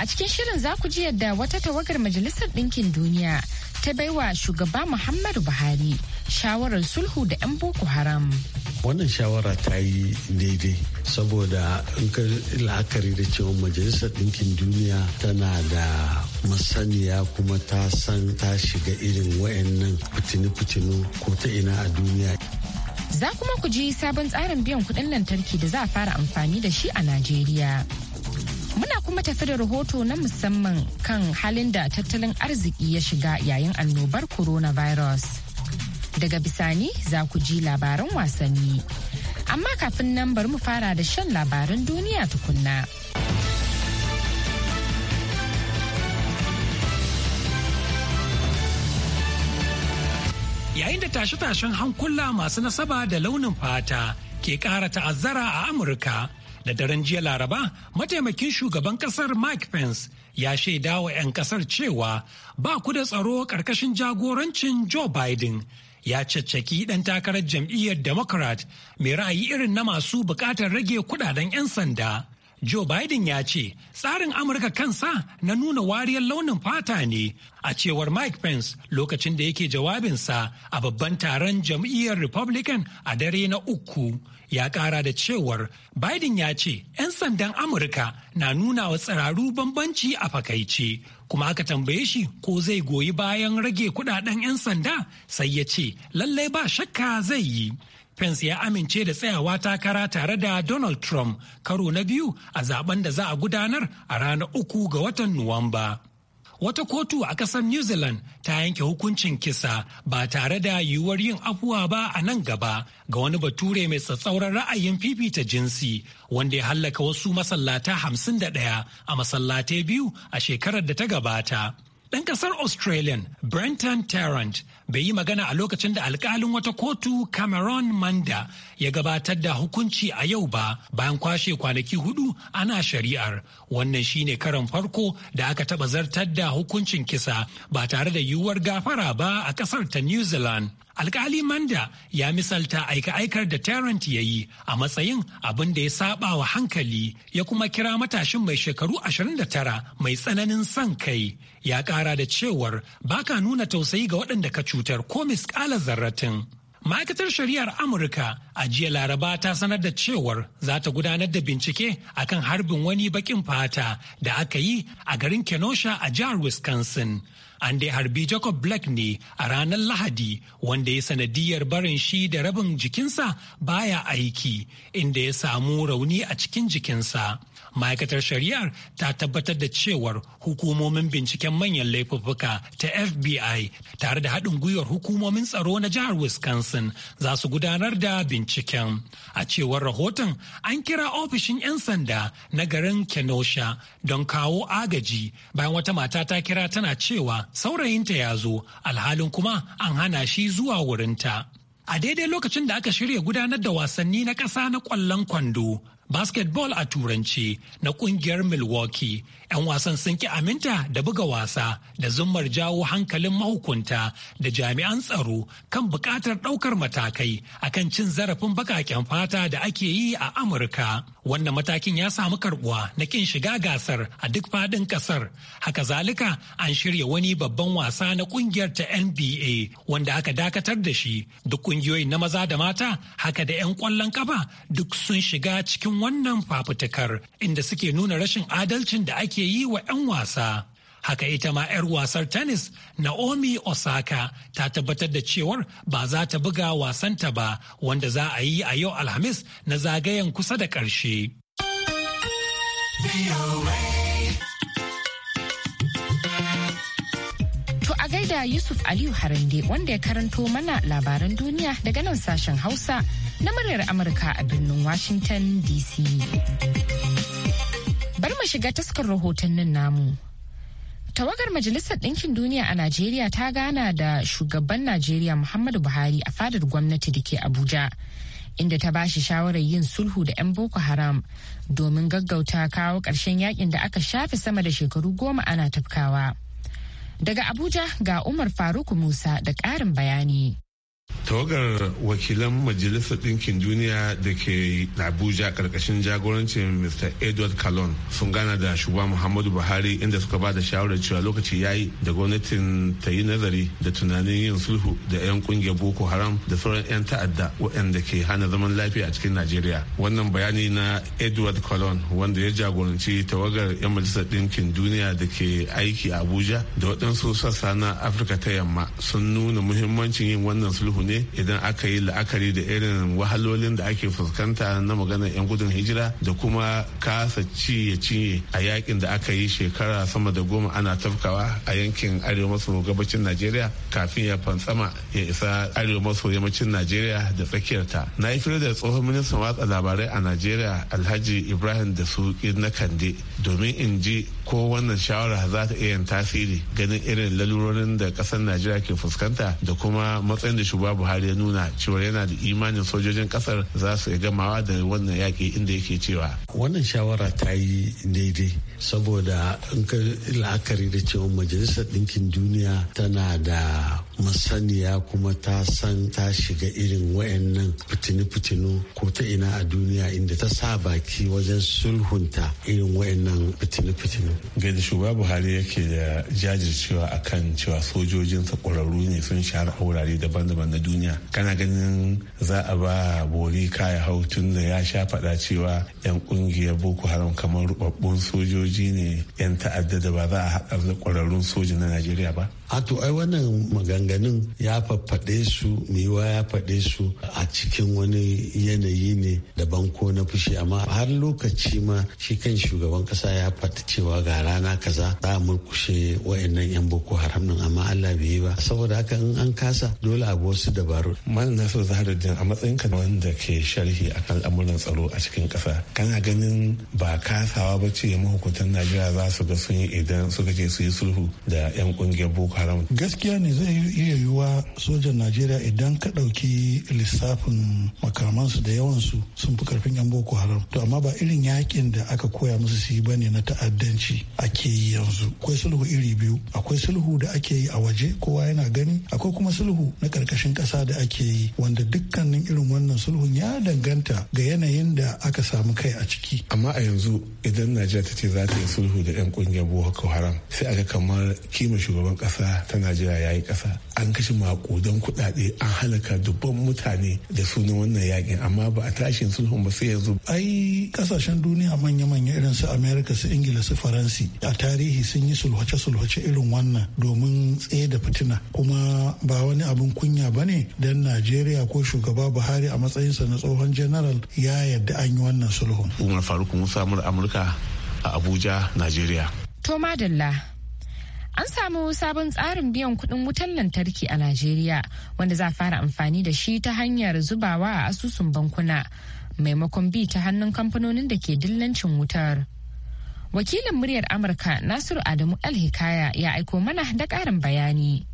A cikin shirin za ku ji yadda wata tawagar Majalisar Ɗinkin Duniya ta baiwa shugaba Muhammadu Buhari shawarar sulhu da 'yan Boko Haram. Wannan shawara ta yi daidai saboda in ka la'akari da cewa Majalisar Ɗinkin Duniya tana da masaniya kuma ta san ta shiga irin wayannan fitini-fitinu ko ta ina a duniya. Za kuma ku ji sabon tsarin biyan kuɗin lantarki da za a fara amfani da shi a Najeriya. Muna kuma tafi da rahoto na musamman kan halin da tattalin arziki ya shiga yayin annobar coronavirus. Daga bisani za ku ji labaran wasanni. Amma kafin nan bari mu fara da shan labaran duniya tukunna. yayin da tashe-tashen hankula masu nasaba da launin fata ke ƙara ta'azzara a amurka da daren jiya laraba mataimakin shugaban kasar mike pence ya shaida wa 'yan kasar cewa ba ku da tsaro karkashin jagorancin joe biden ya caccaki ɗan takarar jam'iyyar democrat mai ra'ayi irin na masu bukatar rage kudaden 'yan sanda Joe Biden ya ce tsarin Amurka kansa na nuna wariyar launin fata ne a cewar Mike Pence lokacin da yake jawabinsa a babban taron jam'iyyar Republican a dare na uku. Ya kara da cewar Biden ya ce 'yan sandan Amurka na nuna wa tsiraru bambanci a fakaice. Kuma aka tambaye shi ko zai goyi bayan rage kudaden 'yan sanda sai ya ce lallai ba shakka zai yi. Pence ya amince da tsayawa takara tare da Donald Trump karo na biyu a zaben da za a gudanar a ranar uku ga watan Nuwamba. Wata kotu a ƙasar New Zealand ta yanke hukuncin kisa ba tare da yiwuwar yin afuwa ba a nan gaba ga wani bature mai tsatsauran ra'ayin fifita jinsi wanda ya hallaka wasu masallata hamsin da ɗaya a masallatai biyu a shekarar da ta gabata. Ɗan ƙasar Australian Brenton Tarrant bai yi magana a lokacin da alkalin wata kotu cameron manda ya gabatar da hukunci a yau ba bayan kwashe kwanaki hudu ana shari'ar wannan shine karan farko da aka taba zartar da hukuncin kisa ba tare da yiwuwar gafara ba a kasar ta new zealand alkali manda ya misalta aika-aikar da tarrant ya yi a matsayin abin da ya saba wa hankali ya kuma kira matashin mai shekaru 29 mai tsananin son kai ya kara da cewar baka nuna tausayi ga waɗanda ka cuta cutar ko miskala zarratin. Ma'aikatar Shari'ar Amurka a jiya Laraba ta sanar da cewar za ta gudanar da bincike akan harbin wani bakin fata da aka yi a garin Kenosha a jihar Wisconsin. An dai harbi Jacob Black ne a ranar Lahadi wanda ya sanadiyar barin shi da rabin jikinsa baya aiki inda ya samu rauni a cikin jikinsa. ma'aikatar shari'ar ta tabbatar da cewar hukumomin binciken manyan laifuffuka ta fbi tare da haɗin gwiwar hukumomin tsaro na jihar wisconsin za su gudanar da binciken a cewar rahoton an kira ofishin 'yan sanda na garin kenosha don kawo agaji bayan wata mata ta kira tana cewa saurayinta ya zo alhalin kuma an hana shi zuwa wurinta a daidai lokacin da aka shirya gudanar da wasanni na ƙasa na ƙwallon kwando basketball a turance na kungiyar milwaukee 'yan wasan sun ki aminta da buga wasa da zumar jawo hankalin mahukunta da jami'an tsaro kan bukatar ɗaukar matakai akan cin zarafin baƙaƙen fata da ake yi a amurka wannan matakin ya samu karbuwa na kin shiga gasar a duk faɗin ƙasar haka zalika an shirya wani babban wasa na ƙungiyar ta nba wanda aka dakatar da shi duk ƙungiyoyin na maza da mata haka da 'yan ƙwallon kafa duk sun shiga cikin wannan fafutukar inda suke nuna rashin adalcin da ake ke yi wa 'yan wasa. Haka ita ma 'yar wasar tennis Naomi Osaka ta tabbatar da cewar ba za ta buga wasanta ba wanda za a yi a yau Alhamis na zagayen kusa da ƙarshe. To a gaida Yusuf Aliyu Harande wanda ya karanto mana labaran duniya daga nan sashen Hausa na muryar Amurka a birnin Washington DC. mu shiga taskar rahotannin namu. Tawagar Majalisar Ɗinkin Duniya a Najeriya ta gana da shugaban Najeriya Muhammadu Buhari a fadar gwamnati da ke Abuja, inda ta ba shi shawarar yin sulhu da 'yan Boko Haram domin gaggauta kawo ƙarshen yakin da aka shafe sama da shekaru goma ana tafkawa. Daga Abuja ga Umar Faruk Musa da ƙarin bayani. tawagar wakilan majalisar ɗinkin duniya da ke abuja karkashin jagorancin mr edward calon sun gana da shugaban muhammadu buhari inda suka ba da shawarar cewa lokaci ya yi da gwamnatin ta yi nazari da tunanin yin sulhu da 'yan kungiyar boko haram da sauran 'yan ta'adda waɗanda ke hana zaman lafiya a cikin najeriya wannan bayani na edward calon wanda ya jagoranci tawagar 'yan majalisar ɗinkin duniya da ke aiki a abuja da waɗansu sassa na afirka ta yamma sun nuna muhimmancin yin wannan sulhu abu ne idan aka yi la'akari da irin wahalolin da ake fuskanta na magana 'yan gudun hijira da kuma kasa ci ciye a yakin da aka yi shekara sama da goma ana tafkawa a yankin arewa maso gabacin najeriya kafin ya fantsama ya isa arewa maso yammacin najeriya da tsakiyar ta na yi fira da tsohon ministan watsa labarai a najeriya alhaji ibrahim da su na kande domin in ji ko wannan shawara za ta iya tasiri ganin irin lalurorin da kasar najeriya ke fuskanta da kuma matsayin da shugaba shugaba buhari ya nuna cewa yana da imanin sojojin kasar za su gamawa da wannan yaƙi inda yake cewa wannan shawara ta yi daidai saboda in ka la'akari da cewa majalisar ɗinkin duniya tana da masaniya kuma ta san ta shiga irin wayannan fitinu-fitinu ko ta ina a duniya inda ta sa baki wajen sulhunta irin wayannan fitinu-fitinu. Gani shugaba Buhari yake da jajircewa akan cewa sojojinsa ƙwararru ne sun share a wurare daban-daban na duniya. Kana ganin za a ba bori kaya hau tun da ya sha faɗa cewa 'yan ƙungiyar Boko Haram kamar rubabbun sojoji sojoji ne 'yan ta'adda da ba za a haɗar da ƙwararrun soji na najeriya ba a to ai wannan maganganun ya faffaɗe su miwa ya faɗe su a cikin wani yanayi ne daban ko na fushi amma har lokaci ma shi kan shugaban kasa ya faɗi cewa ga rana kaza za a murkushe wayannan yan boko haram din amma Allah bai yi ba saboda haka in an kasa dole a wasu dabaru malam zahar Zaharuddin a matsayin ka wanda ke sharhi akan al'amuran tsaro a cikin kasa kana ganin ba kasawa ba ce mahukuntan Najeriya za su ga sun yi idan suka ce su yi sulhu da yan kungiyar boko gaskiya ne zai iya yiwuwa sojan najeriya idan ka ɗauki lissafin makamansu da yawansu sun fi karfin yan boko haram to amma ba irin yakin da aka koya musu su yi bane na ta'addanci ake yi yanzu akwai sulhu iri biyu akwai sulhu da ake yi a waje kowa yana gani akwai kuma sulhu na ƙarƙashin ƙasa da ake yi wanda dukkanin irin wannan sulhun ya danganta ga yanayin da aka samu kai a ciki amma a yanzu idan najeriya ta ce za ta yi sulhu da yan ƙungiyar boko haram sai aga kamar kima shugaban ƙasa ta najeriya ya yi ƙasa an kashe makudan kuɗaɗe an halaka dubban mutane da sunan wannan yakin amma ba a tashin sulhun ba sai yanzu ai kasashen duniya manya-manya irin su america su ingila su faransi a tarihi sun yi sulhace-sulhace irin wannan domin tsaye da fitina kuma ba wani abin kunya ba ne don najeriya ko shugaba buhari a matsayinsa na tsohon general ya yadda an yi wannan sulhun umar faruk musa amurka a abuja najeriya to madalla An samu sabon tsarin biyan kuɗin wutan lantarki a Najeriya wanda za fara amfani da shi ta hanyar zubawa a asusun bankuna maimakon bi ta hannun kamfanonin da ke dillancin wutar. Wakilin muryar Amurka Nasiru Adamu Alhikaya ya aiko mana da ƙarin bayani.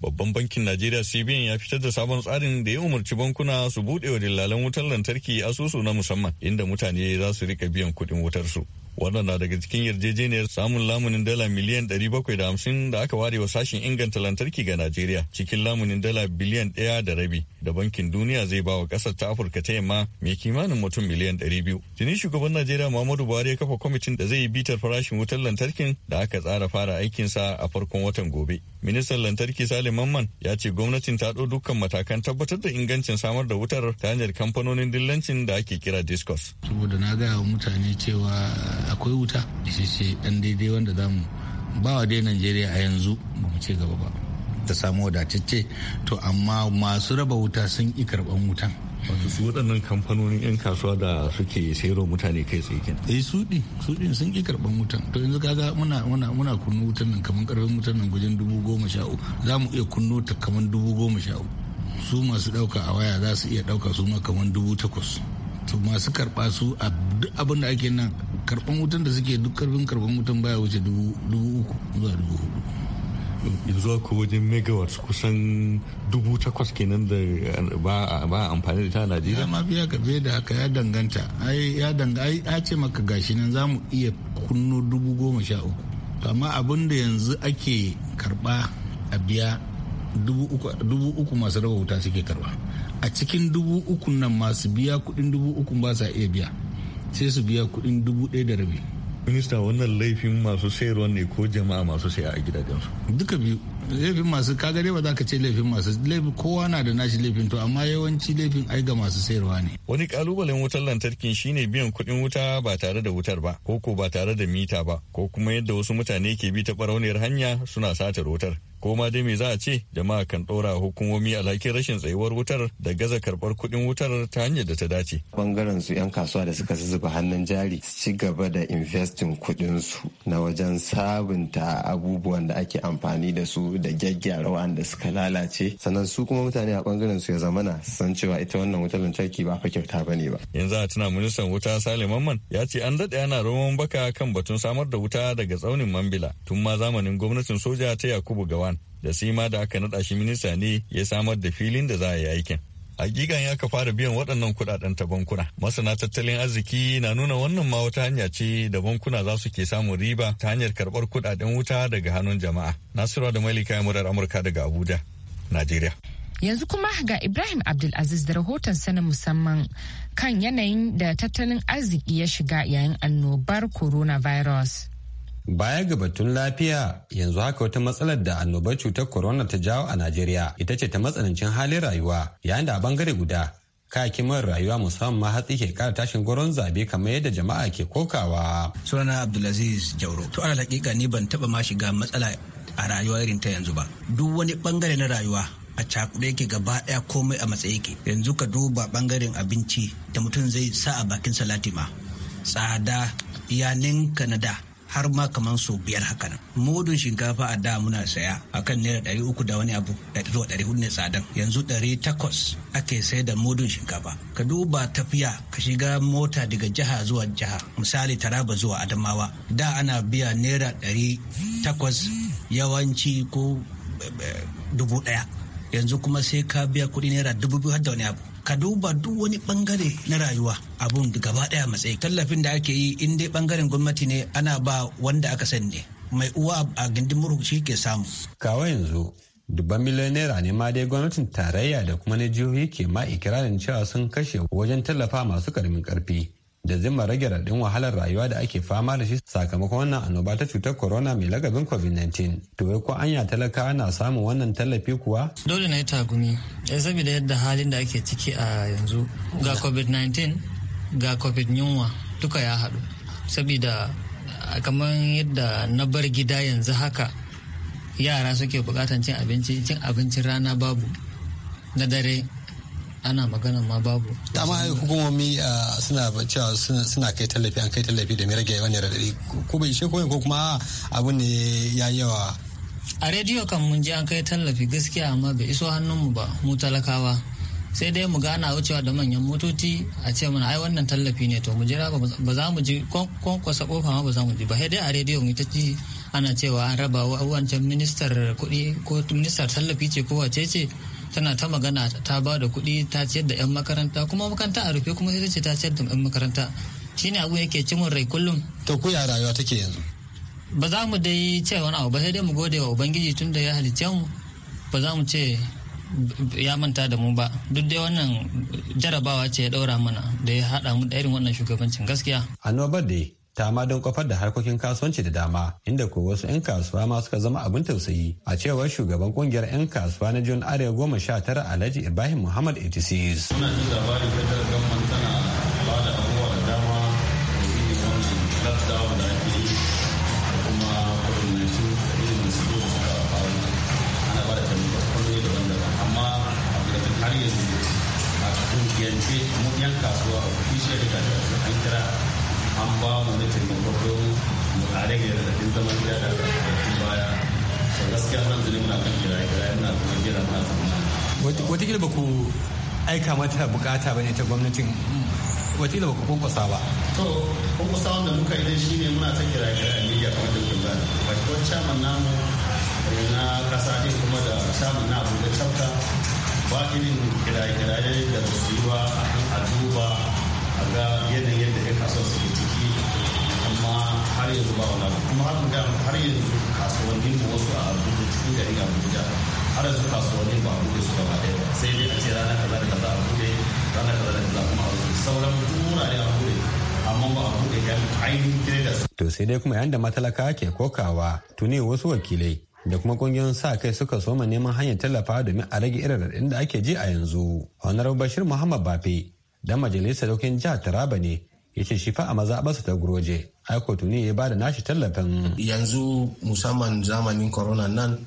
Babban bankin Najeriya CBN ya fitar da sabon tsarin da ya umarci bankuna su buɗe wa dillalan wutar lantarki asusu na musamman inda mutane za su rika biyan kuɗin wutarsu. wannan na daga cikin yarjejeniyar samun lamunin dala miliyan 750 da aka ware wa sashen inganta lantarki ga najeriya cikin lamunin dala biliyan ɗaya da rabi da bankin duniya zai ba wa ƙasar ta afirka ta yamma mai kimanin mutum miliyan 200 tuni shugaban najeriya muhammadu buhari ya kafa kwamitin da zai yi bitar farashin wutar lantarkin da aka tsara fara aikinsa a farkon watan gobe Ministan lantarki Salim Mamman ya ce gwamnatin ta ɗau dukkan matakan tabbatar da ingancin samar da wutar ta hanyar kamfanonin dillancin da ake kira Discos. Saboda na gaya wa mutane cewa akwai wuta, isasshe ɗan daidai wanda zamu ba wa dai Najeriya a yanzu ba mu ce gaba ba. Ta samu wadatacce to amma masu raba wuta sun ƙi karɓan wutan. wato su waɗannan kamfanonin 'yan kasuwa da suke sayarwa mutane kai tsaye kin eh suɗi suɗin sun ƙi karɓar wutan to yanzu kaga muna muna muna kunnu wutan nan kamar ƙarfin wutan nan gujin dubu goma sha uku za mu iya kunno ta kamar dubu goma sha uku su masu ɗauka a waya za su iya ɗauka su ma kamar dubu takwas to masu karɓa su a duk abin da ake nan karɓan wutan da suke duk karfin karɓan wutan baya wuce dubu uku zuwa dubu hudu yanzu ko wajen megawatt kusan dubu takwas kenan da ba amfani da ta najeriya ma biya ka biya da haka ya danganta ai ya danga ai a ce maka gashi nan za mu iya kunno dubu goma sha uku amma abin da yanzu ake karba a biya dubu uku masu raba wuta suke karba a cikin dubu uku nan masu biya kudin dubu uku ba sa iya biya sai su biya kuɗin dubu ɗaya da rabi minista wannan laifin masu sayarwa ne ko jama'a masu saya a gidajensu duka biyu laifin masu kagare ba za ka ce laifin masu laifin kowa na da nashi laifin to amma yawanci laifin ai ga masu sayarwa ne wani kalubalen wutar lantarkin shine biyan kuɗin wuta ba tare da wutar ba ko ko ba tare da mita ba ko kuma yadda wasu mutane ke bi ta barauniyar hanya suna satar wutar ko ma dai me za a ce jama'a kan ɗora hukumomi alhakin rashin tsayuwar wutar da gaza karɓar kuɗin wutar ta hanyar da ta dace. Bangaren su 'yan kasuwa da suka zuba hannun jari su ci gaba da investin kuɗin su na wajen sabunta abubuwan da ake amfani da su da gyaggyara wanda suka lalace sannan su kuma mutane a bangaren su ya zamana san cewa ita wannan wutar lantarki ba fa kyauta bane ba. Yanzu a tuna ministan wuta Sale Mamman ya ce an daɗe ana roman baka kan batun samar da wuta daga tsaunin Mambila tun ma zamanin gwamnatin soja ta Yakubu Gawa da sima da aka naɗa shi minista ne ya samar da filin da za a yi aikin hakikan ya ka fara biyan waɗannan kuɗaɗen ta bankuna masana tattalin arziki na nuna wannan ma wata hanya ce da bankuna za su ke samun riba ta hanyar karɓar kuɗaɗen wuta daga hannun jama'a nasiru da malika murar amurka daga abuja najeriya yanzu kuma ga ibrahim abdulaziz da rahoton sanin musamman kan yanayin da tattalin arziki ya shiga yayin annobar coronavirus. Baya ga batun lafiya yanzu haka wata matsalar da annobar cutar corona ta jawo a Najeriya ita ce ta matsanancin halin rayuwa yayin da a bangare guda kayakin mara rayuwa musamman ma hatsi ke kara tashin goron zabe kamar yadda jama'a ke kokawa. Sunana Abdulaziz Jauro. To a hakika ni ban taba ma shiga matsala a rayuwa irin ta yanzu ba. Duk wani bangare na rayuwa a cakuɗe yake gaba ɗaya komai a matsayi yake. Yanzu ka duba bangaren abinci da mutum zai sa a bakin salati ma. Tsada yanin ninka da. har ma kamar sau biyar haka nan mudun shinkafa a da muna saya a kan naira ɗari uku da wani abu zuwa ɗari hudu ne tsadan yanzu ɗari takwas ake sayar da mudun shinkafa ka duba tafiya ka shiga mota daga jiha zuwa jiha misali taraba zuwa adamawa da ana biya naira ɗari takwas yawanci ko eh, eh, dubu ɗaya yanzu kuma sai ka biya kuɗi naira dubu biyu har da wani abu ka duba duk wani bangare na rayuwa abun gaba daya matsayi tallafin da ake yi in dai bangaren gwamnati ne ana ba wanda aka sani ne mai uwa a gindin murhu shi ke samu Kawo yanzu dubban miliyan naira ne ma dai gwamnatin tarayya da kuma na jihohi ke ma ikirarin cewa sun kashe wajen tallafa masu karamin karfi da zimma rage raɗin wahalar rayuwa da ake fama da shi sakamakon wannan annoba ta cutar corona mai lagabin covid-19 to ya ko anya talakawa na samun wannan tallafi kuwa dole na yi tagumi eh, saboda yadda halin da ake ciki a yanzu ga covid-19 ga covid yunwa duka ya haɗu saboda kamar yadda na bar gida yanzu haka yara suke bukatan cin abinci cin abincin rana babu na dare ana magana ma babu amma hukumomi suna cewa suna kai tallafi an kai tallafi da rage wani radadi ko bai ishe ko kuma abu ne ya yawa a rediyo kan mun ji an kai tallafi gaskiya amma bai iso hannunmu ba mu talakawa sai dai mu gana wucewa da manyan motoci a ce mana ai wannan tallafi ne to mu jira ba za mu ji kwankwasa kofa ma ba za mu ji ba sai dai a rediyo mu ta ci ana cewa an raba wa wancan ministar kuɗi ko ministar tallafi ce ko wace ce tana ta magana ta ba da kuɗi ta ciyar da 'yan makaranta kuma makaranta a rufe kuma sai ce ta ciyar da 'yan makaranta shine abu yake cimin rai kullum to ku ya rayuwa take yanzu ba za mu dai ce wani abu ba sai dai mu gode wa ubangiji tun da ya halicce mu ba za mu ce ya manta da mu ba duk dai wannan jarabawa ce ya ɗaura mana da ya haɗa mu da irin wannan shugabancin gaskiya annobar dai ta ma don kofar da harkokin kasuwanci da dama inda ko wasu 'yan kasuwa ma suka zama abin tausayi a cewar shugaban kungiyar 'yan kasuwa na john arewa goma sha tara alhaji ibrahim muhammad 86 aika mata bukata bane ta gwamnatin wata ba ku kunkusa ba. To, kunkusa wanda muka yi shi ne muna ta kira kira media kuma da kun gani. Bakiwar chairman namu eh, na kasa ne kuma da chairman na abu da chapta ba irin kira kiraye-kiraye da ba su yi wa a duba a ga yadda yadda ya kaso su ke ciki amma har yanzu ba wani abu. kuma har yanzu kasuwannin wasu a abu da cikin gari abu da har yanzu kasuwanni ba a buɗe su gaba ɗaya sai dai a ce rana kaza da kaza a buɗe rana kaza da kaza kuma a rufe sauran ne a buɗe amma ba a buɗe yan ainihin traders. to sai dai kuma yadda matalaka ke kokawa tuni wasu wakilai da kuma kungiyoyin sa kai suka soma neman hanyar tallafawa domin a rage irin raɗin da ake ji a yanzu. Honorable Bashir Muhammad Bafe dan majalisar dokin jihar Taraba ne ya ce shi fa a mazaɓarsa ta guroje aiko tuni ya bada nashi tallafin. Yanzu musamman zamanin corona nan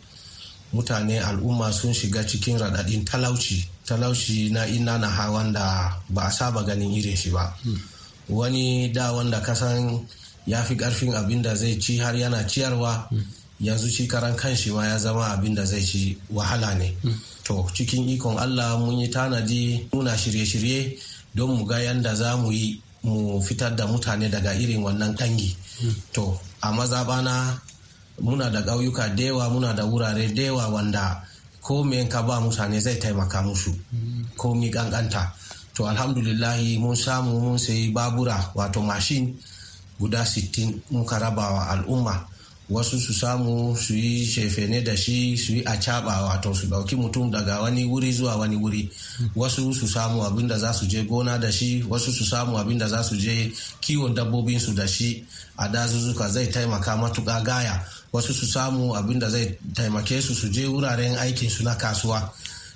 mutane al'umma sun shiga cikin raɗaɗin talauci talauci na ina na hawan da ba a saba ganin irin shi ba hmm. wani da wanda kasan ya fi ƙarfin abin da zai ci har yana ciyarwa hmm. yanzu shi karan shi ma ya zama abin da zai ci wahala ne hmm. to cikin ikon allah mun yi tanadi muna shirye-shirye don mu ga yanda za mu yi mu fitar da mutane daga irin wannan kangi to a mazaɓana muna da ƙauyuka da yawa muna da wurare da yawa wanda ko ka ba mutane zai taimaka musu ko mi to alhamdulillahi mun samu mun sayi babura wato mashin guda 60 muka wa al'umma wasu su samu su yi shefene da shi su yi a caɓa wato su ɗauki mutum daga wani wuri zuwa wani wuri wasu su samu abin da za su je gona da shi wasu su samu abin da za su je kiwon dabbobinsu da shi a dazuzzuka zai taimaka matuƙa gaya wasu su samu abin da zai taimake su su je wuraren aikin su na kasuwa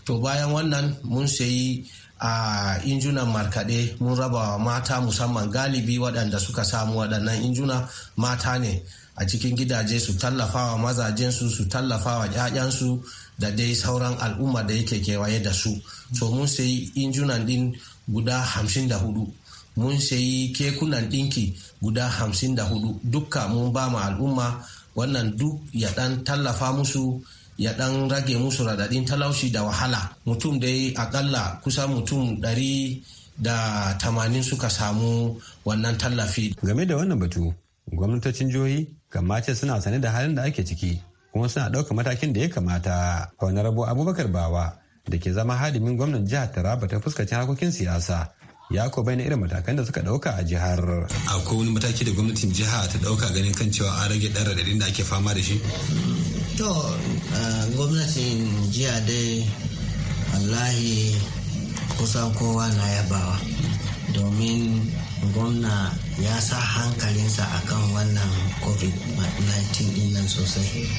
to bayan wannan mun sayi a injunan markaɗe mun raba wa mata musamman galibi waɗanda suka samu waɗannan injuna mata ne a cikin gidaje su tallafawa mazajensu su tallafawa ƴaƴansu da dai sauran al'umma da yake kewaye da su so mun sayi injunan ɗin guda hamsin da hudu mun sayi kekunan ɗinki guda hamsin da hudu duka mun ba ma al'umma wannan duk ya dan tallafa musu ya dan rage musu radadin talaushi da wahala mutum dai akalla kusa mutum ɗari da tamanin suka samu wannan tallafi game da wannan batu gwamnatocin jihohi kamar ce suna sane da halin da ake ciki kuma suna ɗauka matakin da ya kamata honorable abubakar bawa da ke zama hadimin gwamnan jihar taraba ta fuskacin harkokin siyasa ya ko bayyana irin matakan da suka dauka a jihar. Akwai wani mataki da gwamnatin jiha ta dauka ganin kan cewa an rage ɗan radadin da ake fama da shi? To, gwamnatin jiya dai wallahi kusan kowa na yabawa domin gwamna ya sa hankalinsa kan wannan covid-19 dinnan sosai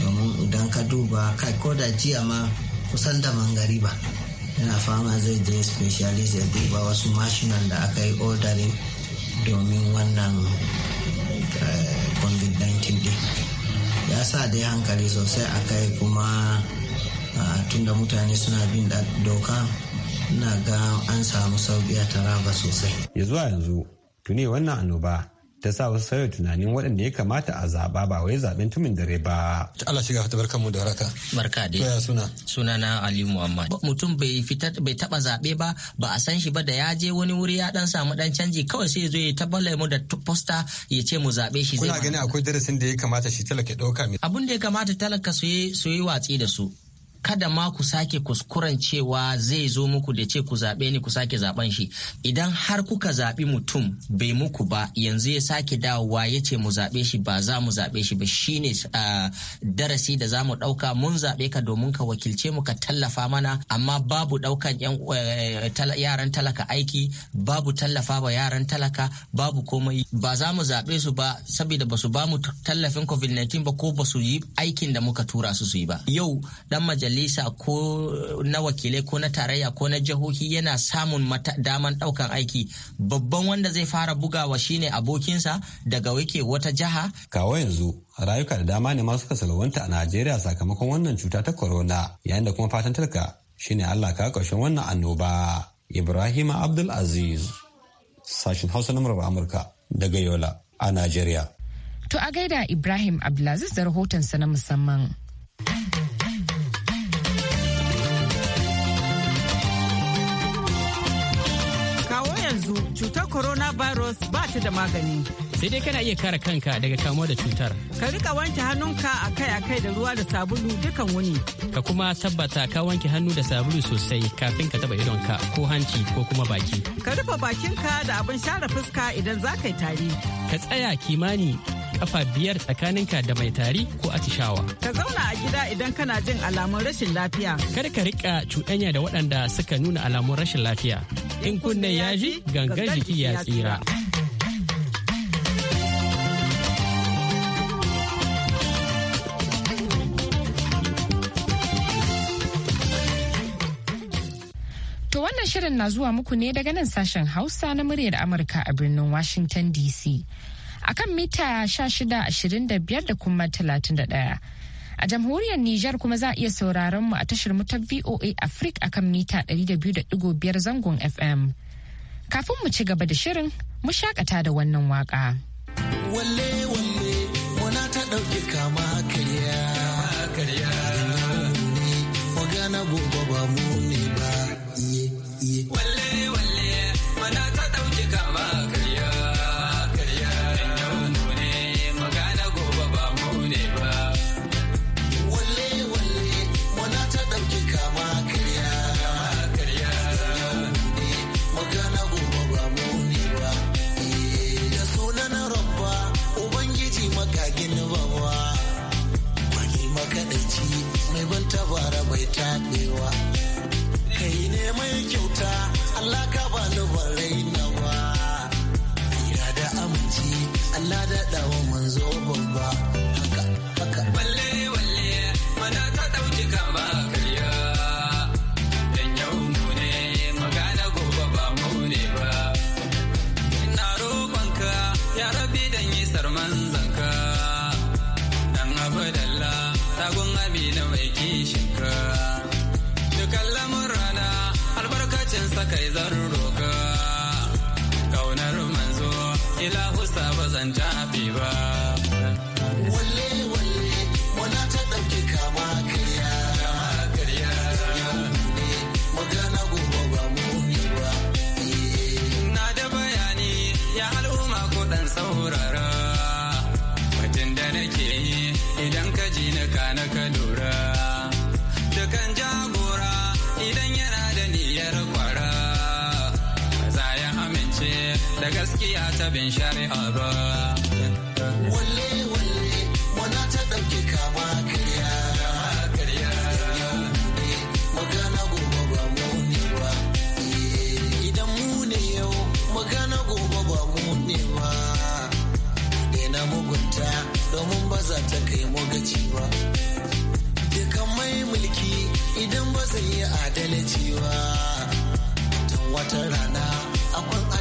domin idan ka duba kai ko da jiya ma kusan da mangariba. ba yana fama zai je specialist ya duba wasu mashinan da aka yi ordering domin wannan eh, covid-19 din ya sa dai hankali sosai akai yi kuma tunda mutane suna bin doka na ga an samu sauki a taraba sosai ya zuwa yanzu tuni wannan annoba ta sa wasu sauya tunanin waɗanda ya kamata a zaɓa ba wai zaɓen tumin dare ba. Allah shiga fata barkanmu da waraka. Barka dai. Soya suna. Suna na Ali Muhammad. Mutum bai fita bai taɓa zaɓe ba ba a san shi ba da ya je wani wuri ya ɗan samu ɗan canji kawai sai zo ya tabbala mu da posta ya ce mu zaɓe shi. Kuna gani akwai darasin da ya kamata shi talaka ɗauka. Abun da ya kamata talaka su yi watsi da su. kada ma ku sake kuskuren cewa zai zo muku da ce ku zaɓe ni ku sake zaɓen shi idan har kuka zaɓi mutum bai muku ba yanzu ya sake dawowa ya ce mu zaɓe shi ba za mu zaɓe shi ba shine darasi da za mu ɗauka mun zaɓe ka domin ka wakilce mu ka tallafa mana amma babu ɗaukan eh, yaran talaka aiki babu tallafa ba yaran talaka babu komai ba za mu zaɓe su ba saboda ba su ba mu tallafin covid-19 ba ko ba su yi aikin da muka tura su su yi ba yau dan majalisa ko eh, na wakilai ko na tarayya ko na jihohi yana samun daman daukan aiki babban wanda zai fara bugawa shine abokinsa daga wake wata jiha kawo yanzu rayuka da dama ne masu kasalwanta a najeriya sakamakon wannan cuta ta corona yayin da kuma fatan talka shine allah ka karshen wannan annoba ibrahim abdul aziz sashen hausa na murar amurka daga yola a najeriya to a gaida ibrahim abdulaziz da rahotonsa na musamman yanzu cutar coronavirus ba ta da magani. Sai dai kana iya kare kanka daga kamuwa da cutar. Ka rika wanke hannunka akai-akai da ruwa da sabulu dukan wuni. Ka kuma tabbata ka wanke hannu da sabulu sosai kafin ka taba ka ko hanci ko kuma baki. Ka rufe bakinka da abin share fuska idan za ka yi tari. Ka tsaya kimani kafa biyar tsakaninka da mai tari ko atishawa. Ka zauna a gida idan kana jin alamun rashin lafiya. Kar ka rika cuɗanya da waɗanda suka nuna alamun rashin lafiya. In kunne ya ji gangan jiki ya tsira. To wannan shirin na zuwa muku ne daga nan sashen Hausa na muryar Amurka a birnin Washington DC. akan mita 1625 da kuma 31. A jamhuriyar Nijar kuma za a iya sauraron mu a tashar mu ta VOA Africa akan mita 200.5 zangon FM. Kafin mu ci gaba da shirin, mu shakata da wannan waka. Walle walle, wana ta ɗauke kama. zan ba walle walle wana ta ɗauke kama karya karya eh, magana eh, na da bayani ya al'umma kuɗin saurara batun da nake yi idan ka ji na kana ka lura dukan jagora idan yana da niyyar kwara da gaskiya ta bin shari'a ba. Walle walle wana ta ɗauke kama karya. Eh, magana eh, Idan mu yau magana gobe ba mu ne ba. Daina mugunta domin ba za ta kai mu gaci ba. Dukan mai mulki idan ba zai yi adalci ba. Tun wata rana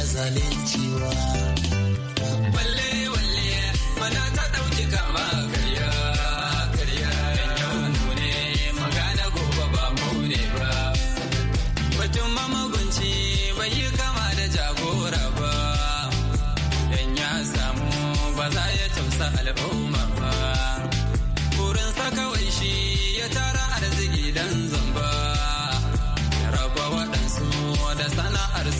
da zaluncewa. Walle walle mana ta ɗauki kama karya karya. Yau ne magana gobe ba mu ne ba. Batun mamagunci bai yi kama da jagora ba. Dan ya samu ba za ya tausa al'umma.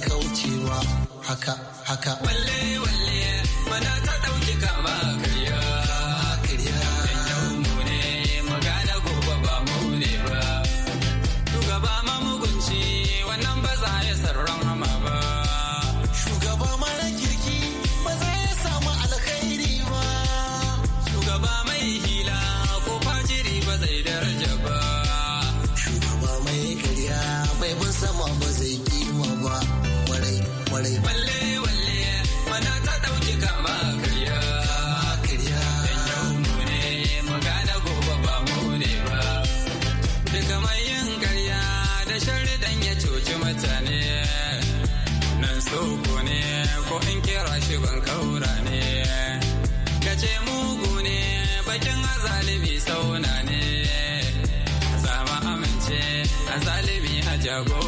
kaucewa haka haka walle walle mana ta dauki kama karya karya mu ne magana gobe ba mu ba shugaba ma mugunci wannan ba ya sarra shigon kaura ne ka ce mugu ne bakin azalibi sauna ne zama amince azalibi a jago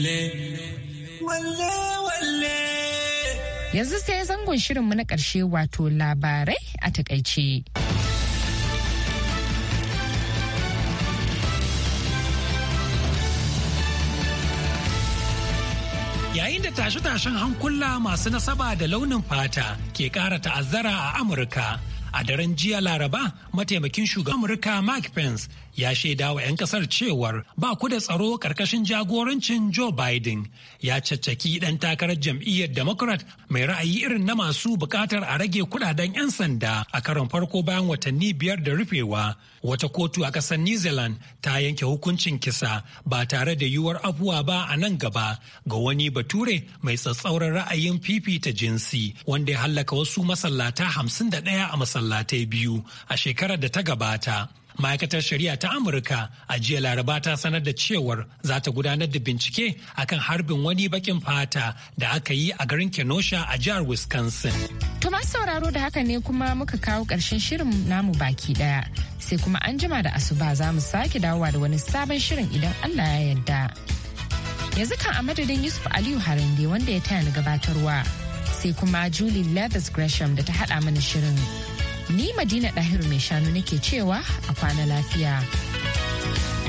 walle walle yanzu sai zangon shirinmu na ƙarshe wato labarai a takaice. yayin da tashe-tashen hankula masu nasaba da launin fata ke ƙara ta'azzara a amurka a daren jiya laraba mataimakin shugaban amurka mike pence ya shaida wa 'yan kasar cewar ba ku da tsaro karkashin jagorancin Joe Biden ya caccaki ɗan takarar jam'iyyar Democrat mai ra'ayi irin na masu bukatar a rage kudaden 'yan sanda a karon farko bayan watanni biyar da rufewa. Wata kotu a kasar New Zealand ta yanke hukuncin kisa ba tare da yiwuwar abuwa ba a nan gaba ga wani bature mai tsatsauran ra'ayin fifita jinsi wanda ya hallaka wasu masallata hamsin da ɗaya a masallatai biyu a shekarar da ta gabata. ma'aikatar shari'a ta amurka a jiya laraba ta sanar da cewar za ta gudanar da bincike akan harbin wani bakin fata da aka yi a garin kenosha a jihar wisconsin to masu sauraro da haka ne kuma muka kawo karshen shirin namu baki daya sai kuma an jima da asuba za mu sake dawowa da wani sabon shirin idan allah ya yarda yanzu kan a madadin yusuf aliyu harande wanda ya taya ni gabatarwa sai kuma julie leathers gresham da ta haɗa mana shirin Ni Madina Dahiru mai shanu nake cewa a kwana lafiya.